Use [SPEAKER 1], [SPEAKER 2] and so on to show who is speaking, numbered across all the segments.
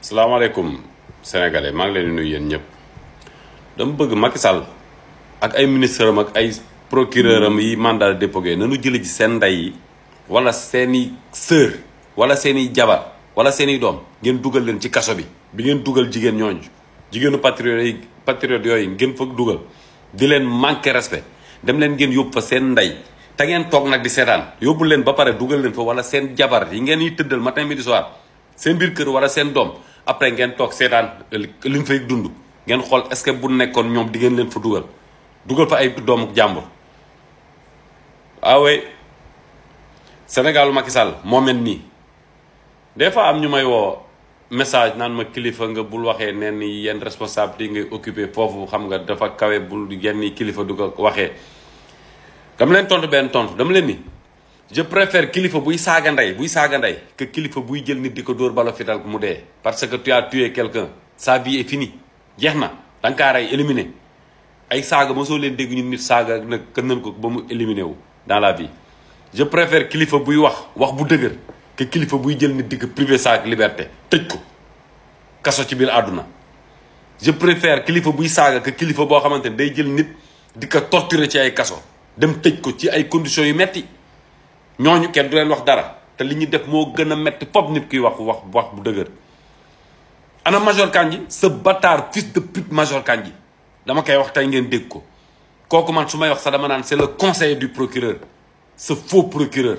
[SPEAKER 1] salaamaaleykum sénégalais maa ngi leen nuyu yéen ñëpp dama bëgg Macky Sall ak ay ministre am ak ay procureur am yi mandat de dépôt na ñu jëlee ji seen ndey yi wala seeni sœur wala seeni jabar wala seeni doom ngeen dugal leen ci kaso bi bi ngeen dugal jigéen ñooñu jigéenu patriote yi patriote yooyu ngeen fa dugal di leen manqué respect dem leen ngeen yóbbu fa seen ndey te ngeen toog nag di seetaan yóbbu leen ba pare dugal leen fa wala seen jabar yi ngeen yi tëddal matin midi seen biir kër wala seen doom après ngeen tok sétan liñ fay dund ngeen xol est-ce que bu nekkon ñom di ngeen leen fa duggal duggal fa ay doomu jàmbur waawe ah Sénégalu Macky Sall mo mel des fois am ñu may message nan ma kilifa nga bul waxee nenn yeen responsable responsabilité ngay occuper fofu xam nga dafa kawe bul yenn kilifa duggal ko kam dama leen tontu ben tontu dama leen ni je préfère kilifa buy saaga ndey buy saaga que kilifa buy jël nit di ko dóor bala fital mu dee parce que tu as tué quelqu'un sa vie est finie jeex na da éliminé ay saaga mosoo leen dégg ñun nit saaga nag kën nañ ko ba mu éliminé wu dans la vie je préfère kilifa buy wax wax bu dëgër que kilifa buy jël nit di ko privé sa liberté tëj ko kaso ci biir àdduna je préfère kilifa buy Saga, que kilifa boo xamante ne day jël nit di torturer ci ay kaso dem tëj ko ci ay conditions yu metti ñooñu kenn du leen wax dara te li ñu def moo gën a metti fop nit kuy wax wax wax bu dëgër ana Major Kandji sa bâtard fils de pute Major Kandji dama koy wax tey ngeen dégg ko kooku man su may wax sax dama naan c'est le conseiller du procureur ce faux procureur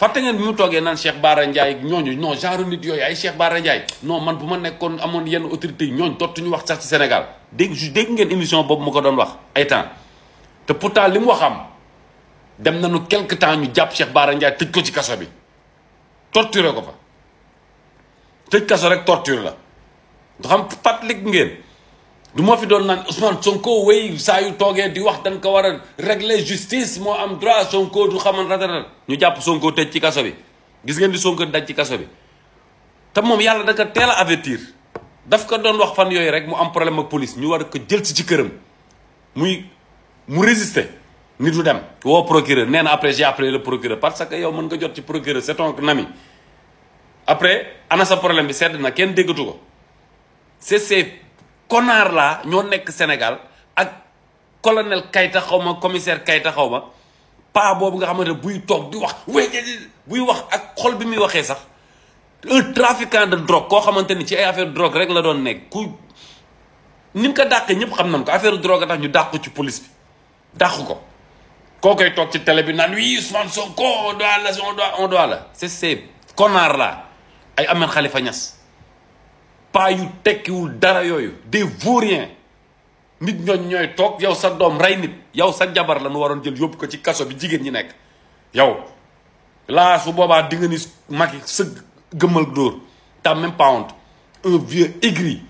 [SPEAKER 1] fàtte ngeen bi mu toogee naan Cheikh Bara Ndiaye ñooñu non genre nit yooyu ay Cheikh Bara Ndiaye non man bu ma nekkoon amoon yenn autorités yi ñooñu dootuñu wax sax ci Sénégal dégg dégg ngeen émission boobu ma ko doon wax ay temps te pourtant li mu wax am dem na nañu quelque temps ñu jàpp Cheikh Bara Ndiaye tëj ko ci kaso bi torturé ko fa tëj kaso rek torture la du xam fàttali ngeen du moo fi doon naan Ousmane Sonko wéy saa yu toogee di wax dañ ko war a régler justice moo am droit Sonko du xaman rataral ñu jàpp Sonko tëj ci kaso bi gis ngeen di Sonko daj ci kaso bi te moom yàlla da ko teel a daf ko doon wax fan yooyu rek mu am problème ak police ñu war ko jël si ci këram muy mu résister nit du dem woo procureur nee na après j'ai appelé le procureur parce que yow mën nga jot ci procureur c'est ton nami après ana sa problème bi sedd na kenn déggatu ko c'est ces connards là ñoo nekk Sénégal ak colonel Kayta xaw ma commissaire Kayta xaw ma paa boobu nga xamante buy toog di wax buy wax ak xol bi muy waxee sax un trafiquant de drogue koo xamante ni ci ay affaire drogue rek la doon nekk ku ni mu ko dàqee ñëpp xam nañ ko affaire drogue tax ñu dàq ci police bi dàq ko koo koy toog ci télé bi naan oui Ousmane Sonko on doit on doit on doit la c'est ces connards là ay Ahmed Khalifa Niass pas yu tekkiwul dara yoyu, des vauriens nit ñoy ñooy toog yow sa dom ray nit yow sa jabar la nu waroon jël yóbbu ko ci kaso bi jigen ñi nek. yow la su boba di nga ni Macky seug gëmmal dóor t'as même pas honte un vieux aigri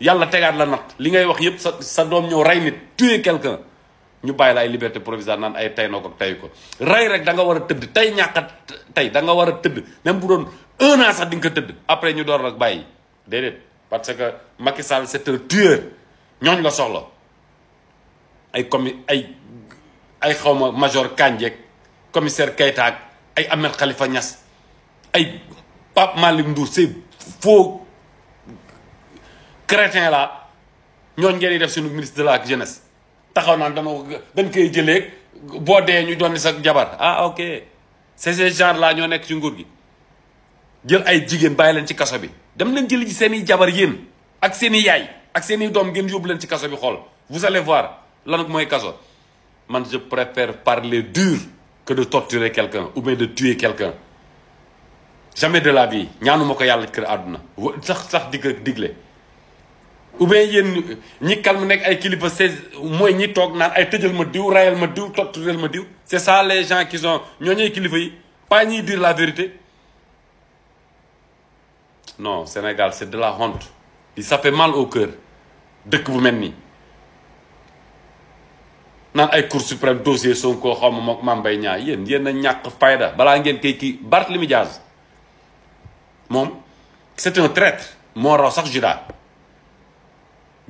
[SPEAKER 1] Yalla tegaat la nat li ngay wax yeb sa dom doom ray nit tuer quelqu'un ñu bay la ay liberté provisoire nan ay tay noko tay ko ray rek da nga wara teud tay ñaka tay da nga wara teud même bu doon 1 an sax di nga teud après ñu door nak bay dedet parce que Macky Sall c'est un tueur ñooñ la soxlo ay commi ay ay xawma major kanje commissaire kayta ak ay Ahmed Khalifa Niass ay pap malik Ndour c'est faux crétin la ñoo ngeen def suñu ministre de la jeunesse taxaw naan dama dañ koy jëlee boo dee ñu doon sa jabar ah ok c'est ce genre là ñoo nekk ci nguur gi jël ay jigéen bàyyi leen ci kaso bi dem leen jël ci seen i jabar yéen ak seen i yaay ak seen i doom ngeen yóbbu leen ci kaso bi xool vous allez voir lan mooy kaso man je préfère parler dur que de torturer quelqu'un ou bien de tuer quelqu'un jamais de la vie ñaanuma ko yàlla kër àdduna sax sax digg digle ou bien yéen ñi calme nek ay kilifa c'est moy ñi tok naan ay tejeul ma diw rayal ma diw torturel ma diw c'est ça les gens qui sont ñoo ñooy kilifa yi pas ñi dire la vérité non Sénégal c'est de la honte li ça fait mal au cœur de bu mel Nan, naan ay cour suprême dossier son ko xam mook Mame Mbaye Niang yéen yéen a ñàkk fayda bala ngeen koy ki Barthélémy Diaz mom c'est un traître mo raw sax Judas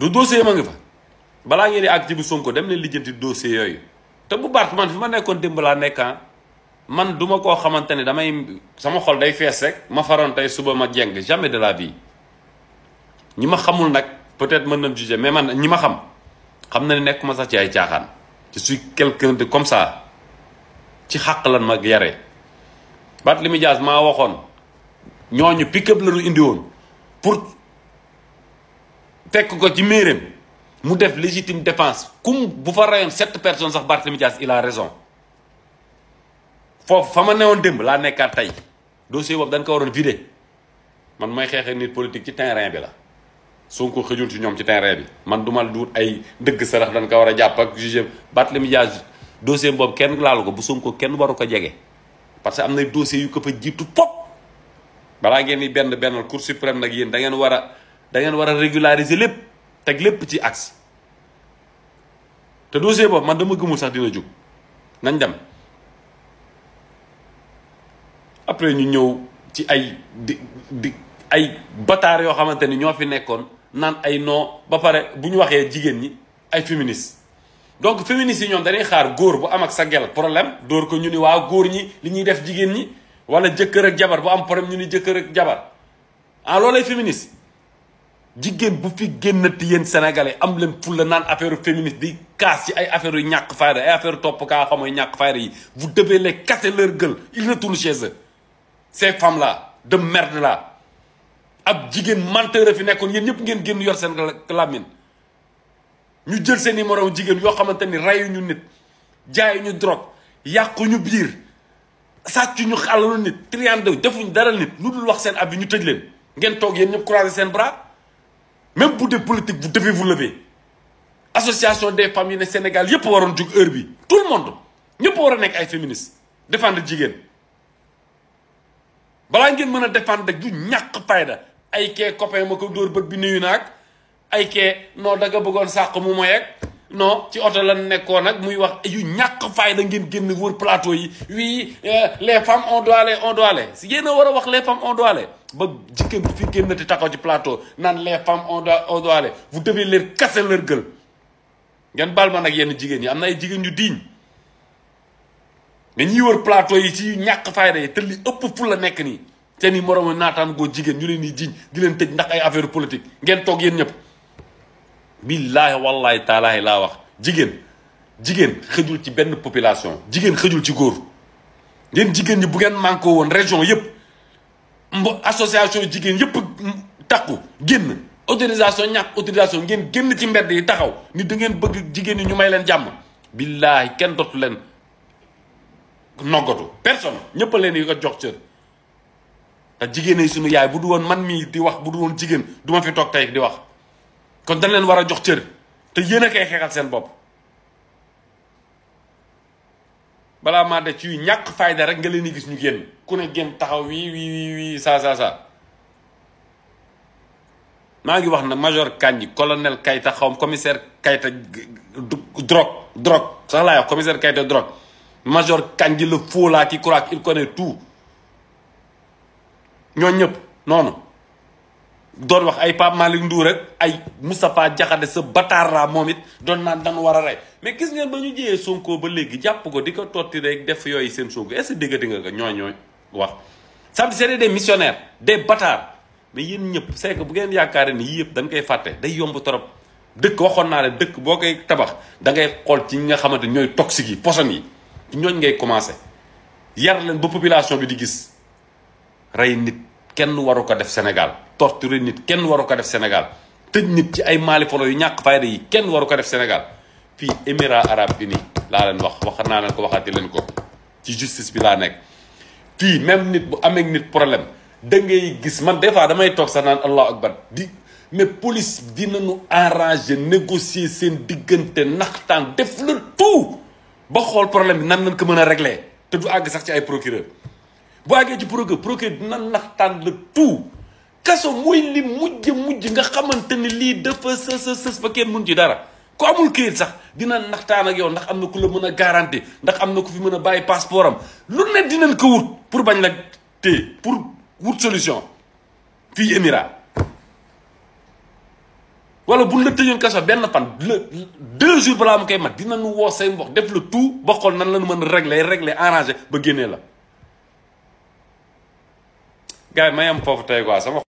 [SPEAKER 1] du dossier ma nga fa balaa ngeen di àgg ci bu Sonko dem leen lijjanti dossier yooyu te bu Bart man fi ma nekkoon démb laa nekkan ah, man duma koo xamante ne damay sama xol day fees rek ma faroon tey suba ma jeng jamais de la vie ñi ma xamul nag peut-être mën na juger mais man ñi ma xam xam na ne nekk ma sax ci ay caaxaan je suis quelqu'un de comme sa ci xàq lan ma yaree Barthélémy Dias maa waxoon ñooñu pick la ñu indi woon fekk ko ci méeréem mu def légitime défense comme bu fa rayoon sept personnes sax Barthélemy Dias il a raison foofu fa ma newoon démb laa nekkaat tey dossier boobu dañ ko waroon vidé man may xeexee nit politique ci terrain bi la Sonko xëjul ci ñoom ci terrain bi man du ma duut ay dëgg sarax dañ ko war a jàpp ak jugé Barthélemy Dias dossier boobu kenn laalu ko bu ko kenn waru ko jege parce que am na dossier yu ko jiitu fop balaa ngeen ni benn benn Cour suprême nag yéen da ngeen a da ngeen war a régulariser lépp teg lépp ci axe te dossier boobu man dama gëmul sax dina jóg nañ dem après ñu ñëw ci ay di di ay bataar yoo xamante ni ñoo fi nekkoon naan ay noo ba pare bu ñu waxee jigéen ñi ay féministes donc féministes yi ñoom dañuy xaar góor bu am ak sa gel problème dóor ko ñu ni waa góor ñi li ñuy def jigéen ñi wala jëkkër ak jabar bu am problème ñu ni jëkkër ak jabar ah loolay féministe jigéen bu fi génnati yéen sénégalais am leen fulla naan affaire féministe di kaas ci ay affaire yu ñàkk fayda ay affaire topp kaa xamooy ñàkk fayda yi vous devez les casser leur gueule ils retournent chez eux ces femmes là de merde là ab jigéen menteur a fi nekkoon yéen ñëpp ngeen génn yor seen làmmiñ ñu jël seen i moroom jigéen yoo xamante ni reyuñu nit jaayuñu drogue yàquñu biir sàccuñu alalu nit triande defuñ dara nit lu dul wax seen ab yi ñu tëj leen ngeen toog yéen ñëpp seen bras même pour des politiques vous devez vous lever association des femmes du Sénégal vous pouvez vous heure tout le monde Il peut a avec ay féministes défendre les gens ngeen vous défendre du fayda ay copain ma ko dóor bi nuyu ay non da nga non ci auto la nekkoon nak muy wax yu ñak fayda ngeen oui euh, les femmes on doit aller on doit aller si vous ne les femmes on doit aller ba jigéen bu fi génnati taxaw ci plateau nan lee femmes on doit on doit aller vous devez leur casser leur gueule ngeen baal ma nag yenn jigéen ñi am na ay jigéen ñu diiñ mais ñiy wër plateau yi ci ñàkk fayda yi te li ëpp fu la nekk nii seen i moromu naataan goo jigéen ñu leen di di leen tëj ndax ay affaire politique ngeen toog yéen ñëpp. billaahi wallaahi taalaahi laa wax jigéen jigéen xëjul ci benn population jigéen xëjul ci góor ngeen jigéen ñi bu ngeen manqué woon région yëpp. mbo association jigéen yëpp takku génn autorisation ñàkk autorisation ngeen génn ci mbedd yi taxaw ni da ngeen bëgg jigéen ñi ñu may leen jàmm billaahi kenn dootu leen noggatu personne ñëpp leen yi ko jox cër te jigéen yi suñu yaay bu du woon man mii di wax bu du woon jigéen du ma fi toog tey di wax kon dañ leen war a jox cër te yéen a koy xeexal seen bopp bala ma da ci ñak fayda rek nga leen gis ñu wi ku ne genn taxaw wi wi wi sa sa sa ma ngi wax na major kanji colonel Kayta xawm commissaire Kayta drok drok sax la commissaire Kayta drok major kanji le fola là qui croit il connaît tout ñoo ñep doon wax ay pap malik Ndour ak ay mustapha jaxade sa batar la momit don nan dan wara ray mais gis ngeen ba ñu jiyee Sonko ba léegi japp ko diko ko totti rek def yoy sen Sonko est ce que nga ko ñoy wax. samedi c'est des missionnaires des batar mais yeen ñep c'est que bu ngeen yakare ni yii dang kay faté day yomb torop dekk waxon na leen dekk bokay tabax da ngay xol ci nga xamante ñoy toxique yi poson yi ñoy ngay commencer yar leen bu population bi di gis ray nit. kenn waru ko def Sénégal torturer nit kenn waru ko def Sénégal tëj nit ci ay maalifolo yu ñàkk fayda yi kenn waru ko def Sénégal fii Émirats arabes nii laa leen wax wax naa leen ko waxaati leen ko ci justice bi laa nekk fii même nit bu amee nit problème da ngay gis man des fois damay toog sax naan allahu akbar di mais police dinañu arranger négocier seen diggante nax naxtaan def la tout ba xool problème bi nan lañ ko mën a régler te du àgg sax ci ay procureur boo àggee ci procureur procureur dina naxtaan le tout kaso mooy li mujj mujj nga xamante ni lii dafa sës sës sës kenn mun ci dara ku amul këyit sax dina naxtaan ak yow ndax am na ku la mën a garanti ndax am na ku fi mën a bàyyi passeport am lu ne dinañ ko wut pour bañ la téye pour wut solution fii émirat wala buñ la tëjoon kaso benn fan le deux jours balaa mu koy mat dina dinañu woo say mbokk def le tout ba xool nan la ñu mën a régler régler arranger ba génnee la. gars yi may am foofu tey quoi sama.